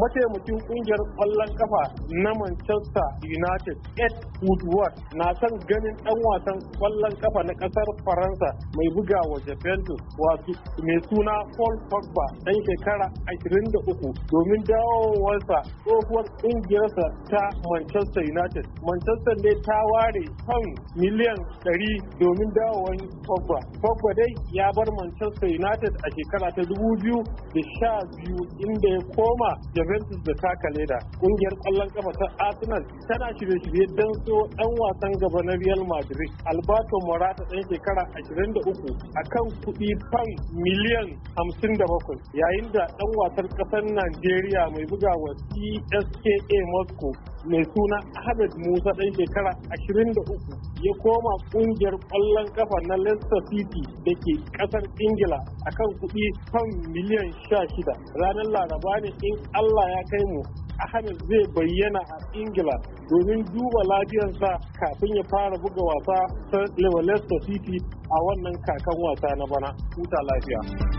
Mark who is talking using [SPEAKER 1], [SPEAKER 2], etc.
[SPEAKER 1] mataimakin kungiyar kwallon kafa na Manchester United Ed Woodward na son ganin dan wasan kwallon kafa na kasar Faransa mai buga wa Juventus wato mai suna Paul Pogba dan shekara 23 domin dawowarsa tsohuwar kungiyarsa ta Manchester United. Manchester ne ta ware kan miliyan 100 domin dawowar Pogba. Pogba dai ya bar Manchester United a shekara ta 2012 inda ya koma Juventus da taka leda kungiyar kwallon kafa ta Arsenal tana shirye-shirye don so dan wasan gaba na Real Madrid Alberto Morata dan shekara 23 akan kuɗi fam miliyan 57 yayin da dan wasan ƙasar nigeria mai buga wa CSKA Moscow mai suna Ahmed Musa ɗan shekara 23 ya koma ƙungiyar ƙwallon kafa na Leicester City da ke ƙasar Ingila a kan kuɗi kan miliyan 16 ranar Laraba ne in Allah ya kai mu Ahmed zai bayyana a Ingila domin duba lafiyarsa kafin ya fara buga wasa ta Leicester City a wannan kakan wasa na bana. Huta lafiya.